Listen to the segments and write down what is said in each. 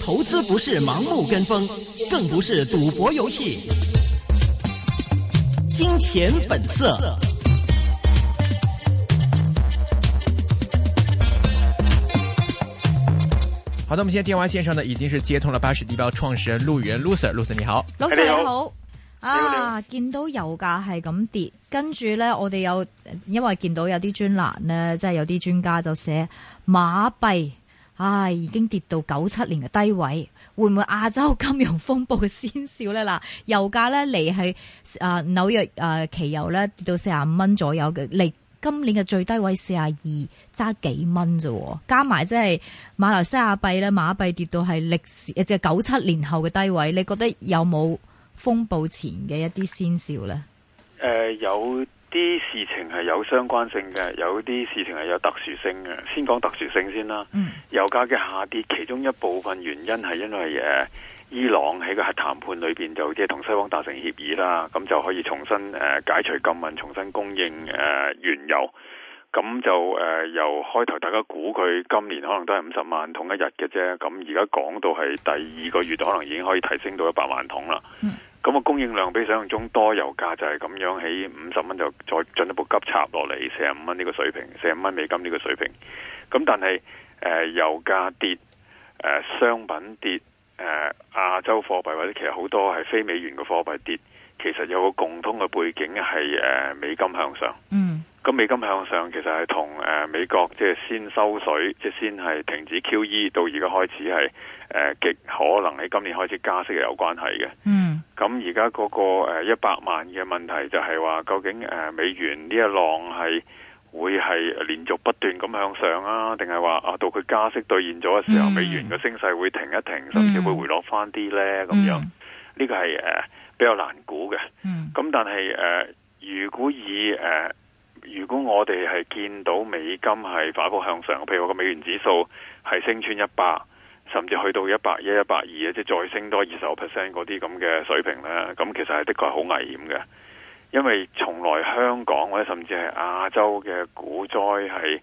投資不是盲目跟風，更不是賭博遊戲。金錢本色。好的，我們現在電話線上呢，已經是接通了巴士的報創始人陸羽仁陸 Sir，陸 Sir 你好。陸 Sir 你好。啊！見到油價係咁跌，跟住咧，我哋有因為見到有啲專欄咧，即係有啲專家就寫馬幣，唉、啊，已經跌到九七年嘅低位，會唔會亞洲金融風暴嘅先兆咧？嗱，油價咧嚟係啊紐約啊期油咧跌到四十五蚊左右嘅，嚟今年嘅最低位四十二，差幾蚊啫，加埋即係馬來西亞幣咧，馬幣跌到係歷史即係九七年後嘅低位，你覺得有冇？風暴前嘅一啲先兆呢，誒、呃，有啲事情係有相關性嘅，有啲事情係有特殊性嘅。先講特殊性先啦。嗯。油價嘅下跌，其中一部分原因係因為誒伊朗喺個核談判裏邊就即係同西方達成協議啦，咁就可以重新誒、呃、解除禁運，重新供應誒、呃、原油。咁就誒、呃、由開頭大家估佢今年可能都係五十萬桶一日嘅啫，咁而家講到係第二個月，可能已經可以提升到一百萬桶啦。嗯咁個供應量比想象中多，油價就係咁樣喺五十蚊，就再進一步急插落嚟四十五蚊呢個水平，四十五蚊美金呢個水平。咁但係誒、呃、油價跌，誒、呃、商品跌，誒、呃、亞洲貨幣或者其實好多係非美元嘅貨幣跌，其實有個共通嘅背景係誒、呃、美金向上。嗯。咁美金向上，其實係同誒美國即係先收水，即、就、係、是、先係停止 QE，到而家開始係誒極可能喺今年開始加息有關係嘅。嗯，咁而家嗰個誒一百萬嘅問題就係話，究竟誒美元呢一浪係會係連續不斷咁向上啊，定係話啊到佢加息兌現咗嘅時候，嗯、美元嘅升勢會停一停，甚至會回落翻啲咧？咁樣呢、嗯、個係誒比較難估嘅。嗯，咁但係誒、呃，如果以誒。呃如果我哋係見到美金係反覆向上，譬如話個美元指數係升穿一百，甚至去到一百一一百二啊，即係再升多二十個 percent 嗰啲咁嘅水平咧，咁其實係的確係好危險嘅，因為從來香港或者甚至係亞洲嘅股災係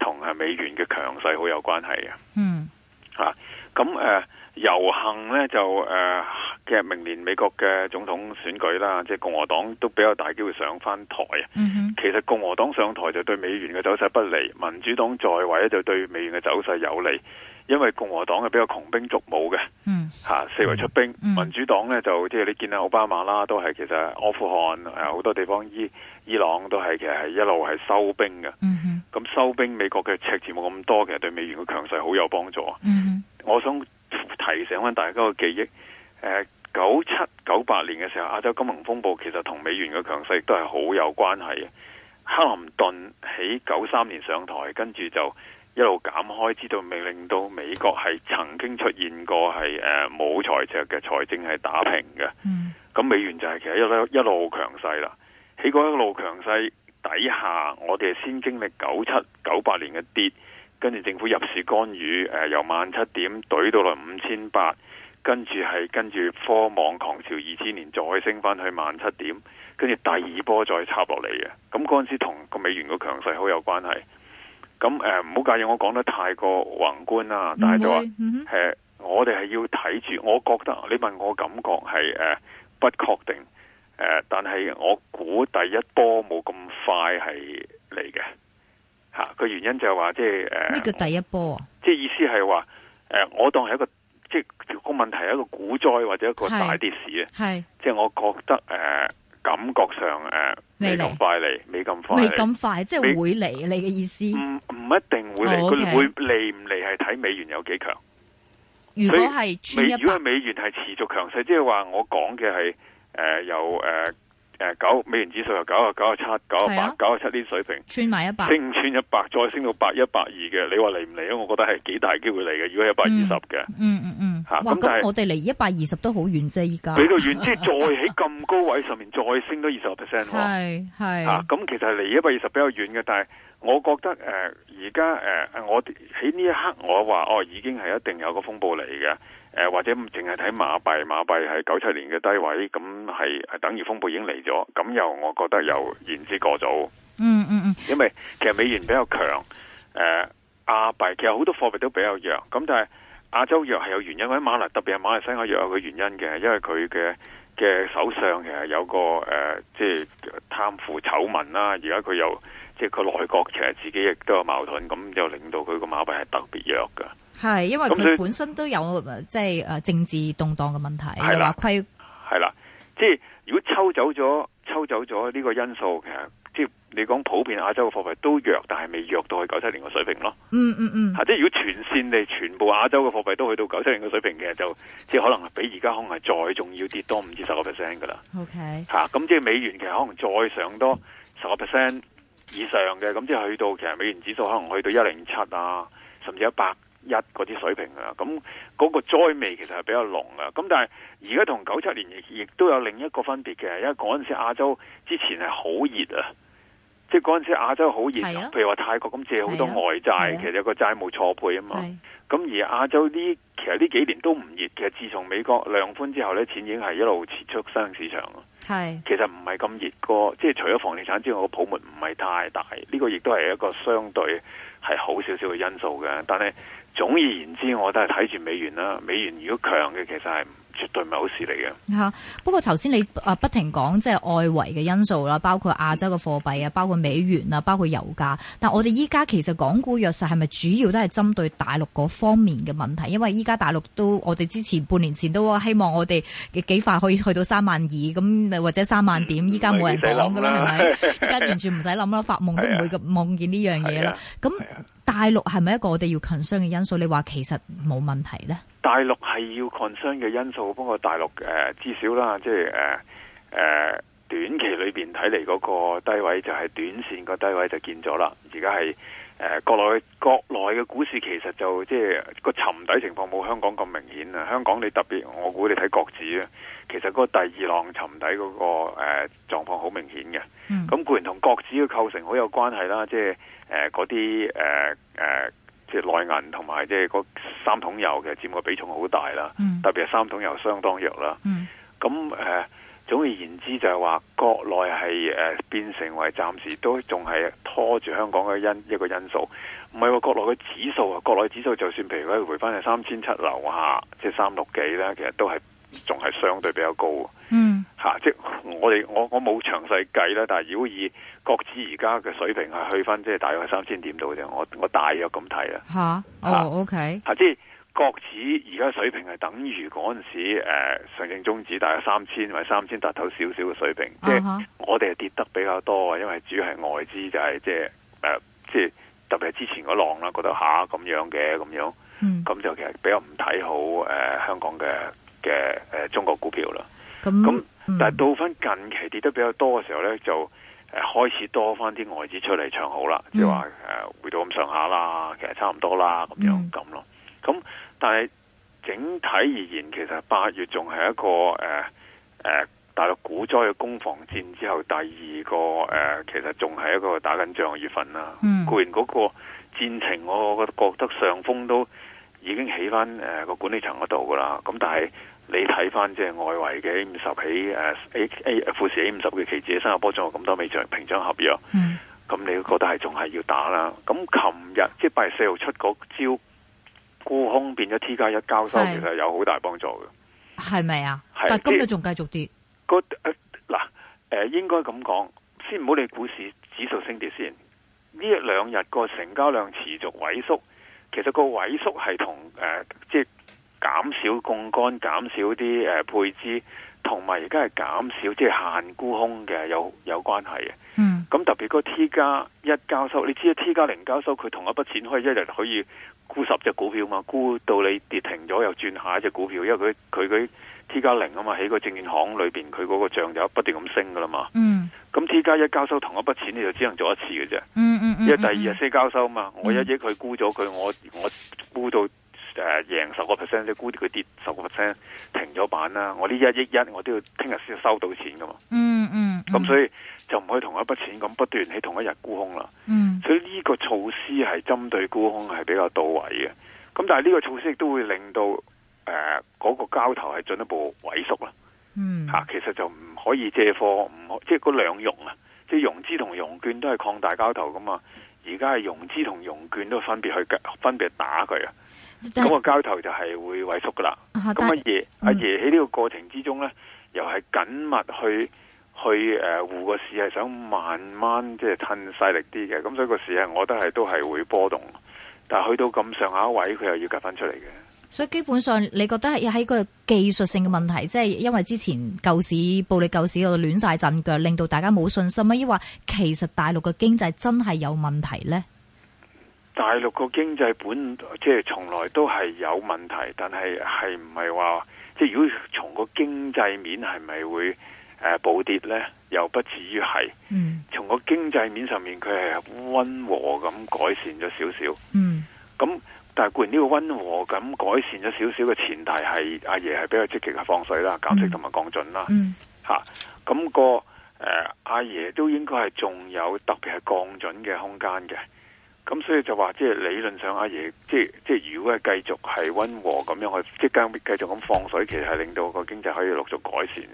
同係美元嘅強勢好有關係嘅。嗯，嚇、啊，咁誒。呃遊行呢，就誒、呃，其實明年美國嘅總統選舉啦，即係共和黨都比較大機會上翻台啊。Mm hmm. 其實共和黨上台就對美元嘅走勢不利，民主黨在位咧就對美元嘅走勢有利，因為共和黨係比較窮兵黷武嘅、mm hmm. 啊、四圍出兵；mm hmm. 民主黨呢，就即係你見到奧巴馬啦，都係其實阿富汗好多地方伊伊朗都係其實係一路係收兵嘅。咁、mm hmm. 收兵美國嘅赤字冇咁多嘅，其實對美元嘅強勢好有幫助。Mm hmm. 我想。提醒翻大家個記憶，九七九八年嘅時候亞洲金融風暴其實同美元嘅強勢都係好有關係嘅。克林頓喺九三年上台，跟住就一路減開，知道未令到美國係曾經出現過係誒冇財赤嘅財政係打平嘅，咁、嗯、美元就係其實一路強勢起過一路強勢啦。喺嗰一路強勢底下，我哋先經歷九七九八年嘅跌。跟住政府入市干預，誒、呃、由萬七點懟到嚟五千八，跟住係跟住科網狂潮二千年再升翻去萬七點，跟住第二波再插落嚟嘅，咁嗰陣時同個美元嘅強勢好有關係。咁誒唔好介意我講得太過宏觀啦，會但係就話，誒、嗯哼呃、我哋係要睇住，我覺得你問我感覺係誒、呃、不確定，誒、呃、但係我估第一波冇咁快係嚟嘅。啊！個原因就係話即係誒，咩叫呃、第一波即係意思係話誒，我當係一個即係個問題係一個股災或者一個大跌市啊。係，即係我覺得誒、呃，感覺上誒、呃、未咁快嚟，未咁快，未咁快，即係會嚟。未你嘅意思唔唔一定會嚟，佢、哦 okay、會嚟唔嚟係睇美元有幾強。如果係如果係美元係持續強勢，即係話我講嘅係誒有誒。呃誒，九、呃、美元指數又九啊九啊七，九啊八，九啊七呢啲水平，串埋一百，升穿一百，100，再升到百一百二嘅，你話嚟唔嚟啊？我覺得係幾大機會嚟嘅，如果係一百二十嘅，嗯。嗯咁我哋離一百二十都好遠啫，而家，比到遠，即係再喺咁高位上面再升多二十個 percent。係、哦、係。啊，咁其實係離一百二十比較遠嘅，但係我覺得誒，而家誒，我喺呢一刻我話哦，已經係一定有個風暴嚟嘅。誒、呃，或者唔淨係睇馬幣，馬幣係九七年嘅低位，咁係係等於風暴已經嚟咗。咁又我覺得又言之過早。嗯嗯嗯。嗯嗯因為其實美元比較強，誒、呃，亞幣其實好多貨幣都比較弱，咁但係。亞洲弱係有原因，喺馬來，特別係馬來西亞弱有個原因嘅，因為佢嘅嘅首相其實有個誒、呃，即係貪腐醜聞啦。而家佢又即係佢內閣其實自己亦都有矛盾，咁又令到佢個馬幣係特別弱㗎。係因為佢本身都有即係誒政治動盪嘅問題，又話虧。係啦的規，即係如果抽走咗，抽走咗呢個因素，其實。你講普遍亞洲嘅貨幣都弱，但係未弱到去九七年嘅水平咯。嗯嗯嗯，嚇、嗯！即、嗯、係如果全線你全部亞洲嘅貨幣都去到九七年嘅水平嘅，就即係可能比而家可能係再仲要跌多五至十個 percent 㗎喇。OK，嚇、啊！咁即係美元其實可能再上多十個 percent 以上嘅，咁即係去到其實美元指數可能去到一零七啊，甚至一百一嗰啲水平啊。咁嗰個災味其實係比較濃啊。咁但係而家同九七年亦都有另一個分別嘅，因為嗰陣時亞洲之前係好熱啊。即係嗰陣時亞洲好熱，啊、譬如話泰國咁借好多外債，啊啊、其實有個債務錯配啊嘛。咁是而亞洲呢，其實呢幾年都唔熱。其實自從美國量寬之後呢，錢已經係一路撤出香港市場，是其實唔係咁熱過，即係除咗房地產之外，個泡沫唔係太大。呢、呢個亦都係一個相對係好少少嘅因素嘅。但係總而言之，我都係睇住美元啦。美元如果強嘅，其實係。絕對唔係好事嚟嘅。吓、嗯，不過頭先你啊不停講即係外圍嘅因素啦，包括亞、就是、洲嘅貨幣啊，包括美元啊，包括油價。但我哋依家其實港股弱勢係咪主要都係針對大陸嗰方面嘅問題？因為依家大陸都我哋之前半年前都希望我哋嘅幾快可以去到三萬二咁，或者三萬點。依家冇人講噶啦，係咪、嗯？依家 完全唔使諗啦，發夢都唔會咁夢見呢樣嘢啦。咁、啊啊、大陸係咪一個我哋要 concern 嘅因素？你話其實冇問題咧？大陸係要 concern 嘅因素，不過大陸誒、呃、至少啦，即係誒誒短期裏邊睇嚟嗰個低位，就係短線個低位就見咗啦。而家係誒國內國內嘅股市其實就即係個沉底情況冇香港咁明顯啊。香港你特別，我估你睇國指啊，其實嗰個第二浪沉底嗰、那個誒、呃、狀況好明顯嘅。咁、嗯、固然同國指嘅構成好有關係啦，即係誒嗰啲誒誒。呃那些呃呃即係內銀同埋即係三桶油嘅佔個比重好大啦，嗯、特別係三桶油相當弱啦。咁誒、嗯呃，總而言之就係話國內係誒變成為暫時都仲係拖住香港嘅因一個因素。唔係話，國內嘅指數啊，國內指數就算譬如佢回翻去三千七樓下，即係三六幾咧，其實都係仲係相對比較高。嗯。吓、啊，即係我哋我我冇詳細計啦，但係如果以國指而家嘅水平係去翻即係大約三千點度啫。我我大約咁睇啦。吓，OK 吓，即係國指而家水平係等於嗰陣時誒、呃、上證綜指大約三千或三千突頭少少嘅水平。啊、哈即係我哋係跌得比較多，因為主要係外資就係即係誒，即係特別係之前嗰浪啦，嗰度吓咁樣嘅，咁樣，咁、嗯、就其實比較唔睇好誒、呃、香港嘅嘅誒中國股票啦。咁、嗯嗯嗯、但係到翻近期跌得比較多嘅時候咧，就誒開始多翻啲外資出嚟唱好啦，即係話誒回到咁上下啦，其實差唔多啦咁樣咁咯。咁、嗯、但係整體而言，其實八月仲係一個誒誒、呃、大陸股災嘅攻防戰之後第二個誒、呃，其實仲係一個打緊仗嘅月份啦。嗯、固然嗰個戰情，我覺得上風都已經起翻誒個管理層嗰度噶啦。咁但係。你睇翻即係外圍嘅五十起誒 A A 富時 A 五十嘅期指喺新加坡仲有咁多未長平張合約，咁、嗯、你覺得係仲係要打啦？咁琴、就是、日即係八月四號出嗰招沽空變咗 T 加一交收，是其實有好大幫助嘅，係咪啊？是但今日仲繼續跌，嗱誒、呃呃呃，應該咁講，先唔好理股市指數升跌先，呢兩日個成交量持續萎縮，其實個萎縮係同誒即係。減少槓杆、減少啲誒配資，同埋而家係減少即係、就是、限沽空嘅有有關係嘅。嗯，咁特別個 T 加一交收，你知 T 加零交收，佢同一筆錢可以一日可以沽十隻股票嘛？沽到你跌停咗又轉下一隻股票，因為佢佢佢 T 加零啊嘛，喺個證券行裏邊佢嗰個賬就不斷咁升噶啦嘛。嗯，咁 T 加一交收同一筆錢你就只能做一次嘅啫、嗯。嗯嗯嗯，因為第二日先交收嘛，我一億佢沽咗佢，我我。贏十個 percent，即係估到佢跌十個 percent，停咗板啦。我呢一億一，我都要聽日先收到錢噶嘛，嗯。嗯嗯。咁所以就唔可以同一筆錢咁不斷喺同一日沽空啦。嗯。所以呢個措施係針對沽空係比較到位嘅。咁但係呢個措施亦都會令到誒嗰個交投係進一步萎縮啦。嗯。嚇、啊，其實就唔可以借貨，唔可即係嗰兩融啊，即係融資同融券都係擴大交投噶嘛。而家係融資同融券都分別去分別打佢啊。咁個交投就係會萎縮噶啦，咁阿爺阿爺喺呢個過程之中咧，嗯、又係緊密去去誒護個市，係想慢慢即係褪勢力啲嘅，咁所以個市啊，我覺得係都係會波動，但係去到咁上下一位，佢又要夾翻出嚟嘅。所以基本上，你覺得係一個技術性嘅問題，即係因為之前舊市暴力舊市，度亂晒陣腳，令到大家冇信心啊，亦話其實大陸嘅經濟真係有問題咧？大陸個經濟本即係從來都係有問題，但係係唔係話即係如果從個經濟面係咪會誒、呃、暴跌咧？又不至於係。嗯。從個經濟面上面，佢係溫和咁改善咗少少。嗯。咁，但係固然呢個溫和咁改善咗少少嘅前提係阿爺係比較積極嘅放水啦、減息同埋降準啦、嗯。嗯。嚇、啊，咁、個誒阿、呃、爺都應該係仲有特別係降準嘅空間嘅。咁所以就話，即係理論上，阿爺即係即係，如果係繼續係溫和咁樣去，即係繼續咁放水，其實係令到個經濟可以陸續改善。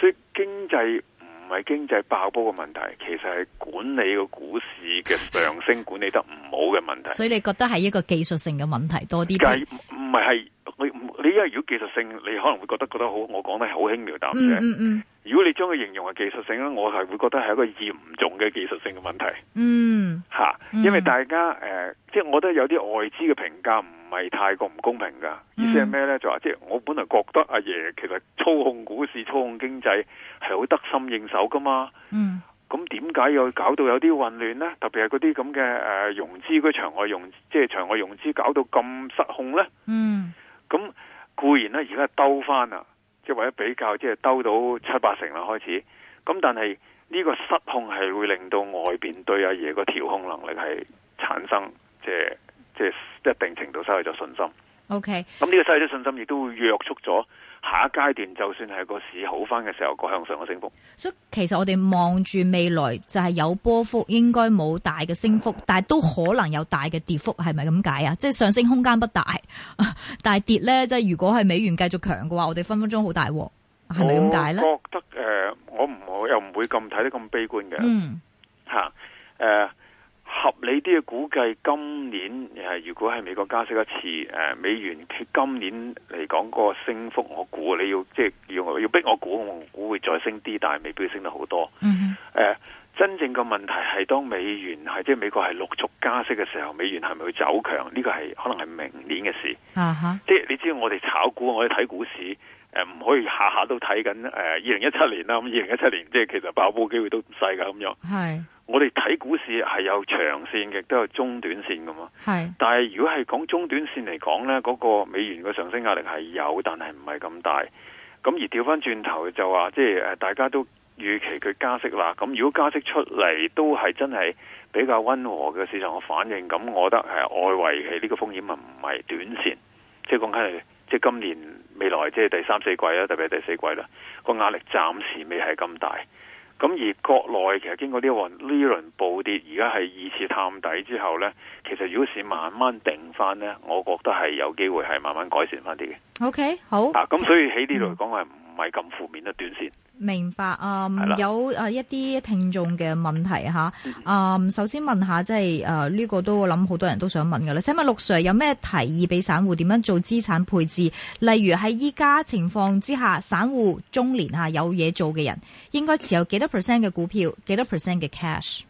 所以經濟唔係經濟爆煲嘅問題，其實係管理個股市嘅上升管理得唔好嘅問題。 所以你覺得係一個技術性嘅問題多啲？唔唔係係你，你因為如果技術性，你可能會覺得覺得好，我講得係好輕描淡寫。嗯。嗯嗯。如果你將佢形容係技術性咧，我係會覺得係一個嚴重嘅技術性嘅問題。嗯，吓、嗯，因為大家誒、呃，即係我覺得有啲外資嘅評價唔係太過唔公平噶。意思係咩咧？嗯、就話即係我本來覺得阿爺其實操控股市、操控經濟係好得心應手噶嘛。嗯，咁點解又搞到有啲混亂咧？特別係嗰啲咁嘅誒融資嗰場外融資，即係場外融資搞到咁失控咧？嗯，咁固然咧，而家係兜翻啦。即係為咗比較，即係兜到七八成啦開始，咁但係呢個失控係會令到外邊對阿爺個調控能力係產生即係即係一定程度失去咗信心。OK，咁呢個失去咗信心，亦都會約束咗，下一階段就算係個市好翻嘅時候，個向上嘅升幅。所以其實我哋望住未來就係有波幅，應該冇大嘅升幅，嗯、但係都可能有大嘅跌幅，係咪咁解啊？即係上升空間不大，但係跌咧，即係如果係美元繼續強嘅話，我哋分分鐘好大，係咪咁解咧？我覺得誒、呃，我唔我又唔會咁睇得咁悲觀嘅。嗯，吓誒。呃你啲估計，今年，如果喺美國加息一次，呃、美元佢今年嚟講個升幅，我估你要即係要要逼我估，我估會再升啲，但係未必會升得好多，嗯哼呃。真正個問題係當美元係即美國係陸續加息嘅時候，美元係咪會走強？呢、呢個係可能係明年嘅事。嗯、哼即你知道我哋炒股，我哋睇股市。誒，唔可以下下都睇緊誒，二零一七年啦，咁二零一七年即係其實爆煲機會都唔細噶咁樣。係是我哋睇股市係有長線亦都有中短線㗎嘛。係是，但係如果係講中短線嚟講咧，嗰個美元嘅上升壓力係有，但係唔係咁大。咁而調翻轉頭就話，即係誒，大家都預期佢加息啦。咁如果加息出嚟都係真係比較溫和嘅市場嘅反應，咁我覺得係外圍係呢個風險唔係短線，即係講緊係。即今年未來，即係第三四季啦，特別係第四季啦，個壓力暫時未係咁大。咁而國內其實經過呢一輪呢一輪暴跌，而家係二次探底之後呢，其實如果係慢慢定翻呢，我覺得係有機會係慢慢改善翻啲嘅。OK，好。啊，咁所以喺呢度嚟講係唔。嗯唔係咁負面嘅。短線明白啊、嗯，有啊一啲聽眾嘅問題嚇啊，首先問下即係啊，呢個都我諗好多人都想問㗎喇。請問陸 Sir 有咩提議俾散戶點樣做資產配置？例如喺依家情況之下，散戶中年下有嘢做嘅人，應該持有幾多 percent 嘅股票，幾多 percent 嘅 cash？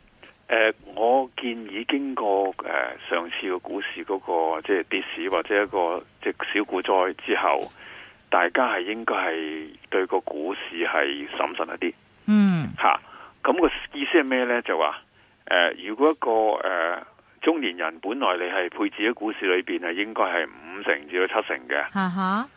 誒、呃，我建議經過誒上次嘅股市嗰個即係跌市或者一個即小股災之後。大家係應該係對個股市係審慎一啲。嗯，吓、啊，咁個意思係咩呢？就話，誒、呃，如果一個誒、呃、中年人本來你係配置喺股市裏邊係應該係五成至到七成嘅，啊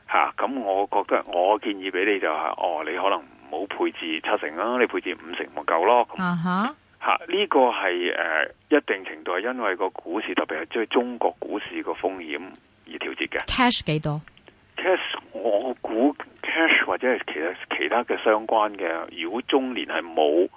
哈，咁、啊、我覺得我建議俾你就係，哦，你可能唔好配置七成啦，你配置五成咪夠咯，啊哈，吓、啊、呢、這個係誒、呃、一定程度係因為個股市，特別係即係中國股市個風險而調節嘅，cash 幾多？cash、yes，我估 cash 或者係其實其他嘅相關嘅，如果中年係冇，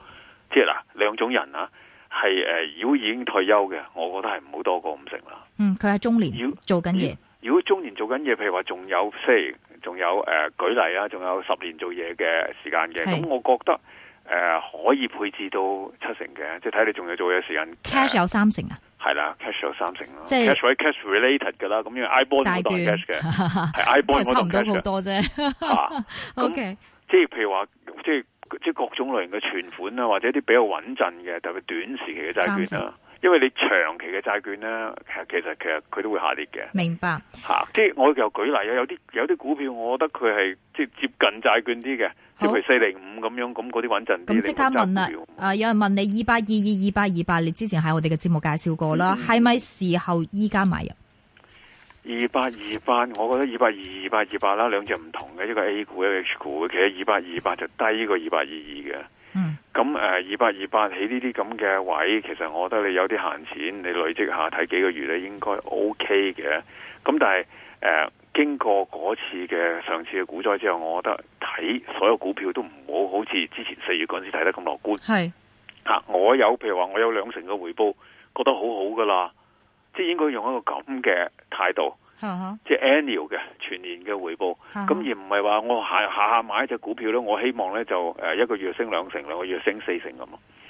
即係嗱兩種人啊，係、呃、誒如果已經退休嘅，我覺得係唔好多過五成啦。嗯，佢係中年如果做緊嘢，如果中年做緊嘢，譬如話仲有，有，即係仲有誒，舉例啊，仲有十年做嘢嘅時間嘅，咁是我覺得。誒、呃，可以配置到七成嘅，即係睇你仲有做嘅時間。cash 有三成啊？係啦，cash 有三成咯。即係是 cash,、right? cash related 嘅啦，咁因為 iBond 都唔好當 cash 嘅，係 iBond 我 c a s 多好多啫。 啊、o Okay k 即係譬如話，即係即係各種類型嘅存款啊，或者啲比較穩陣嘅，特別短時期嘅債券啦。成因為你長期嘅債券咧，其實其實其實佢都會下跌嘅。明白吓、啊，即係我又舉例有有啲有啲股票，我覺得佢係即係接近債券啲嘅。好譬如四零五咁樣，咁嗰啲穩陣啲咁即刻問啦！啊，有人問你二八二二、二八二八，你之前喺我哋嘅節目介紹過啦，係咪、嗯、時候依家買入？二八二八，我覺得二八二二、二八二八啦，兩隻唔同嘅，一個 A 股一個 H 股。其實二八二八就低過二八二二嘅。嗯。咁誒，二八二八喺呢啲咁嘅位，其實我覺得你有啲閒錢，你累積下睇幾個月咧、OK，應該 OK 嘅。咁但係誒。經過嗰次嘅上次嘅股災之後，我覺得睇所有股票都唔好好似之前四月嗰陣時睇得咁樂觀。係是、啊、我有譬如話我有兩成嘅回報，覺得好好噶啦，即係應該用一個咁嘅態度，是啊、即係 annual 嘅全年嘅回報，咁、啊、而唔係話我下下下買一隻股票咧，我希望咧就誒一個月升兩成，兩個月升四成咁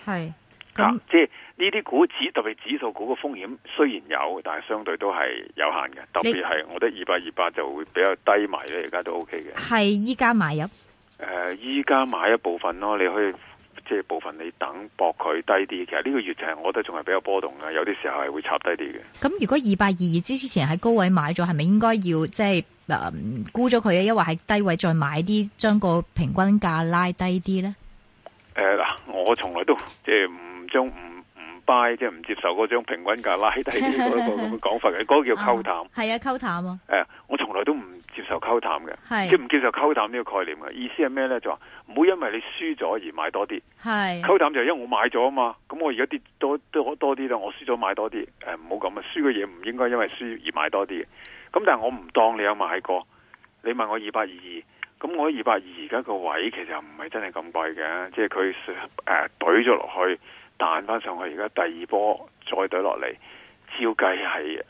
係。那啊、即係呢啲股指，特別指數股嘅風險雖然有，但係相對都係有限嘅。特別係，你我覺得二百二百就會比較低埋咧，而家都 O K 嘅。係依家買入？誒、呃，依家買一部分咯，你可以即係部分你等薄佢低啲。其實呢個月就係我覺得仲係比較波動嘅，有啲時候係會插低啲嘅。咁如果二百二二之之前喺高位買咗，係咪應該要即係沽咗佢啊？抑或喺低位再買啲，將個平均價拉低啲咧？誒，嗱，我從來都即係唔。將唔唔 buy 即係唔接受嗰種平均價拉低嗰個咁嘅講法嘅，嗰 個叫溝淡，係啊溝、啊、淡啊！誒、欸，我從來都唔接受溝淡嘅，即係唔接受溝淡呢個概念嘅。意思係咩咧？就話唔好因為你輸咗而買多啲，係溝是淡就係因為我買咗啊嘛，咁我而家跌多多多啲啦，我輸咗買多啲，誒唔好咁啊！輸嘅嘢唔應該因為輸而買多啲嘅。咁但係我唔當你有買過，你問我二百二二，咁我二百二而家個位其實唔係真係咁貴嘅，即係佢誒懟咗落去。彈翻上去，而家第二波再懟落嚟，照計係誒，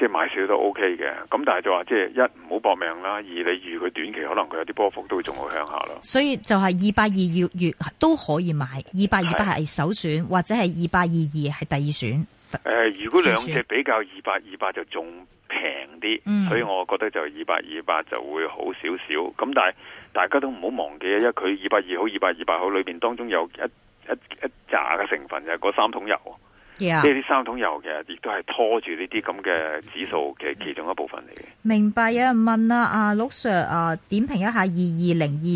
即係買少都 O K 嘅。咁但係就話，即係一唔好搏命啦，二你預佢短期可能佢有啲波幅都會仲好向下咯。所以就係二百二二二都可以買，二百二八係首選，是或者係二百二二係第二選。誒、呃，如果兩隻比較，二百二八就仲平啲，嗯、所以我覺得就二百二八就會好少少。咁但係大家都唔好忘記啊，一佢二百二好，二百二八好，裏邊當中有一。一一扎嘅成分就嗰、是、三桶油，Yeah. 即係啲三桶油嘅，亦都係拖住呢啲咁嘅指數嘅其中一部分嚟嘅。明白有、啊、人問啦、啊，阿陸 sir 啊，點評一下二二零二，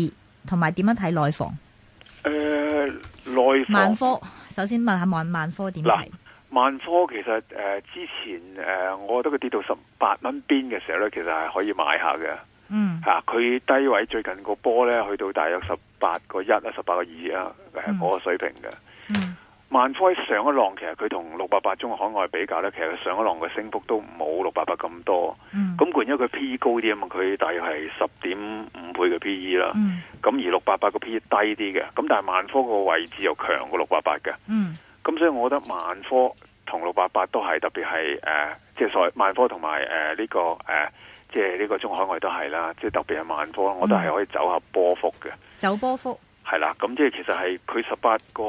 同埋點樣睇內房？誒、呃，內房萬科，首先問下萬萬科點睇？萬科其實誒、呃、之前誒、呃，我覺得佢跌到十八蚊邊嘅時候咧，其實係可以買下嘅。嗯，吓佢、啊、低位最近個波咧，去到大約十。八個一啊，十八個二啊，嗰個水平嘅。嗯、萬科喺上一浪，其實佢同六八八中海外比較咧，其實上一浪嘅升幅都冇六八八咁多。咁固、嗯、然因為佢 P E 高啲啊嘛，佢大約係十點五倍嘅 P E 啦。咁、嗯、而六八八個 P E 低啲嘅，咁但係萬科個位置又強過六八八嘅。咁、嗯、所以我覺得萬科同六八八都係特別係誒，即、呃、係、就是、所謂萬科同埋誒呢個誒。呃即係呢個中海外都係啦，即係特別係萬科，我都係可以走下波幅嘅、嗯，走波幅係啦。咁即係其實係佢十八個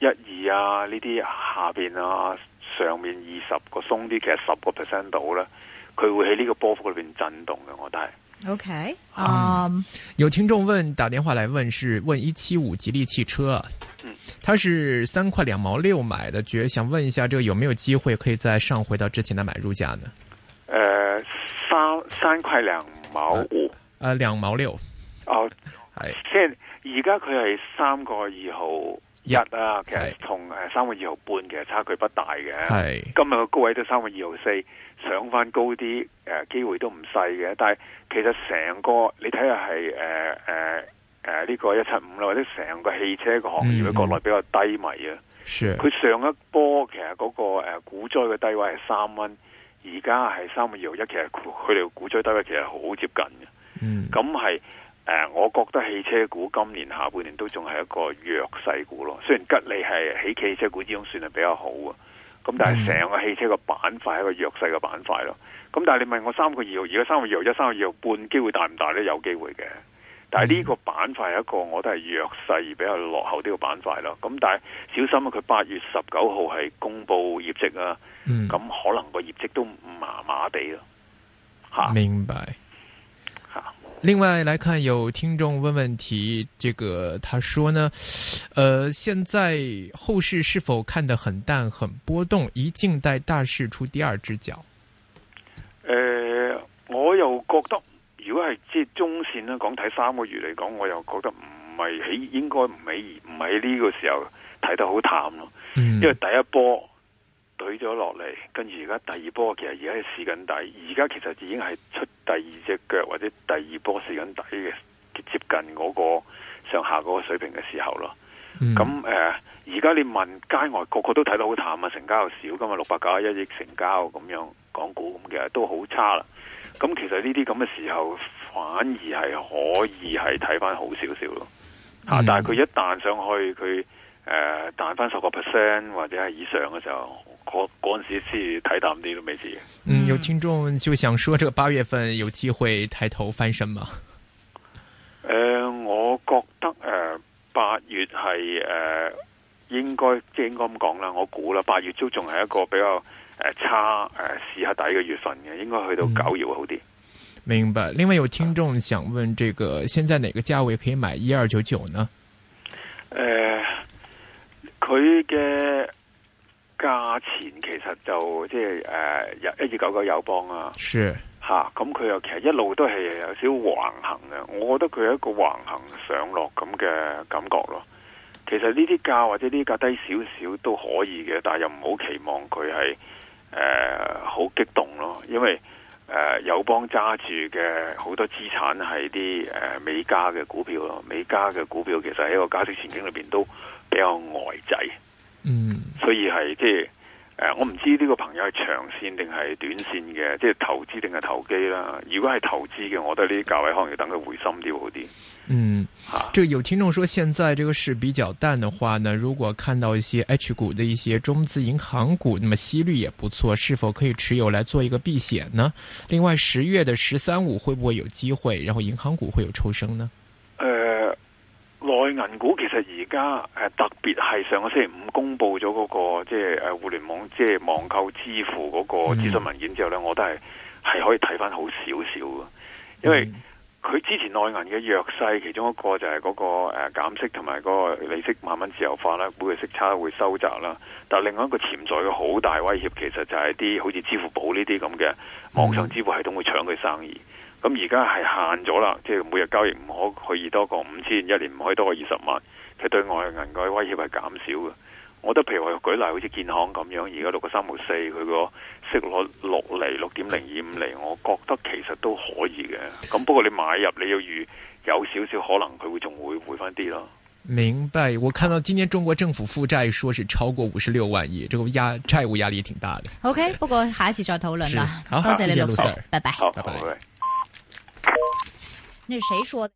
一二啊呢啲下邊啊，上面二十個鬆啲，其實十個 percent 到啦。佢會喺呢個波幅裏邊震動嘅。我都係，OK，、um, 嗯，有聽眾問，打電話來問，是問一七五吉利汽車，嗯，他是三塊兩毛六買的，覺得想問一下，這個有沒有機會可以再上回到之前的買入價呢？誒、呃，三三塊兩毛五，兩、啊啊、毛六，哦，係是，即係而家佢係三個二毫一啊，其實同誒是三個二毫半其實差距不大嘅，係是，今日個高位都三個二毫四，上翻高啲，誒，機會都唔細嘅，但係其實成個你睇下係，誒、啊，誒、啊，誒，呢個一七五啦，或者成個汽車個行業喺國內比較低迷啊，佢、嗯嗯、上一波其實嗰、那個誒股災嘅低位係三蚊。而家係三個二號一，1, 其實佢哋股追低嘅其實好接近嘅。咁係誒，我覺得汽車股今年下半年都仲係一個弱勢股咯。雖然吉利係喺汽車股之中算係比較好啊，咁但係成個汽車個板塊係一個弱勢嘅板塊咯。咁、mm. 但係你問我三個二號，而家三個二號一、三個二號半機會大唔大咧？有機會嘅。嗯、但係呢個板塊係一個我都係弱勢而比較落後呢個板塊咯。咁但係小心啊，佢八月十九號係公布業績、嗯、啊，咁可能個業績都麻麻地咯。吓，明白。吓、啊，另外來看，有聽眾問問題，這個他說呢，呃，現在後市是否看得很淡、很波動？一靜待大市出第二隻腳。誒、呃，我又覺得。如果係即係中線咧，講睇三個月嚟講，我又覺得唔係起，應該唔係唔係呢個時候睇得好淡咯。Mm. 因為第一波懟咗落嚟，跟住而家第二波其實而家係試緊底，而家其實已經係出第二隻腳或者第二波試緊底嘅接近嗰、嗰個上下嗰個水平嘅時候咯。咁誒、mm.，呃，而家你問街外個個都睇得好淡啊，成交又少，今日六百九十一億成交咁樣，港股咁其實都好差啦。咁其實呢啲咁嘅時候，反而係可以係睇翻好少少咯。吓，但係佢一彈上去，佢誒彈翻十個 percent 或者係以上嘅時候，嗰嗰陣時先睇淡啲都未知。嗯，有聽眾就想說，這個八月份有機會抬頭翻身嘛？誒、呃，我覺得誒，八、呃、月係誒、呃、應該即應該咁講啦，我估啦，八月都仲係一個比較。誒、呃，差誒，試、呃、下第一個月份嘅，應該去到九月會好啲。嗯。明白。另外有聽眾想問，這個現在哪個價位可以買一二九九呢？誒、呃，佢嘅價錢其實就即係誒一二九九友邦啊，是吓，咁佢又其實一路都係有少橫行嘅，我覺得佢係一個橫行上落咁嘅感覺咯。其實呢啲價或者呢啲價低少少都可以嘅，但係又唔好期望佢係。誒，好、呃、激動咯，因為誒、呃、友邦揸住嘅好多資產係啲誒美加嘅股票咯，美加嘅股票其實喺個加息前景裏邊都比較呆滯，嗯，所以係即係。我唔知呢個朋友係長線定係短線嘅，即係投資定係投機啦。如果係投資嘅，我覺得呢啲價位可能要等佢回心啲好啲。嗯，啊這個有聽眾說，現在這個市比較淡的話呢，如果看到一些 H 股的一些中資銀行股，那麼息率也不錯，是否可以持有來做一個避險呢？另外，十月的十三五會不會有機會，然後銀行股會有抽升呢？內銀股其實而家誒，特別係上個星期五公布咗嗰、那個即係誒互聯網即係、就是、網購支付嗰個諮詢文件之後咧，我都係係可以睇翻好少少嘅，因為佢之前內銀嘅弱勢，其中一個就係嗰個誒減息同埋嗰個利息慢慢自由化啦，每個息差會收窄啦。但係另外一個潛在嘅好大威脅，其實就係啲好似支付寶呢啲咁嘅網上支付系統會搶佢生意。咁而家係限咗啦，即係每日交易唔可可以多過五千，一年唔可以多過二十萬。其實對外銀嘅威脅係減少嘅。我覺得譬如我舉例，好似建行咁樣，而家六個三毫四，佢個息率落嚟六點零二五厘，我覺得其實都可以嘅。咁不過你買入，你要預有少少可能佢會仲會回翻啲咯。明白。我看到今年中國政府負債說是超過五十六萬億，這個壓債務壓力挺大的。OK，不過下一次再討論啦。好，多謝你，陸 Sir，拜拜。好拜拜。那是誰說的？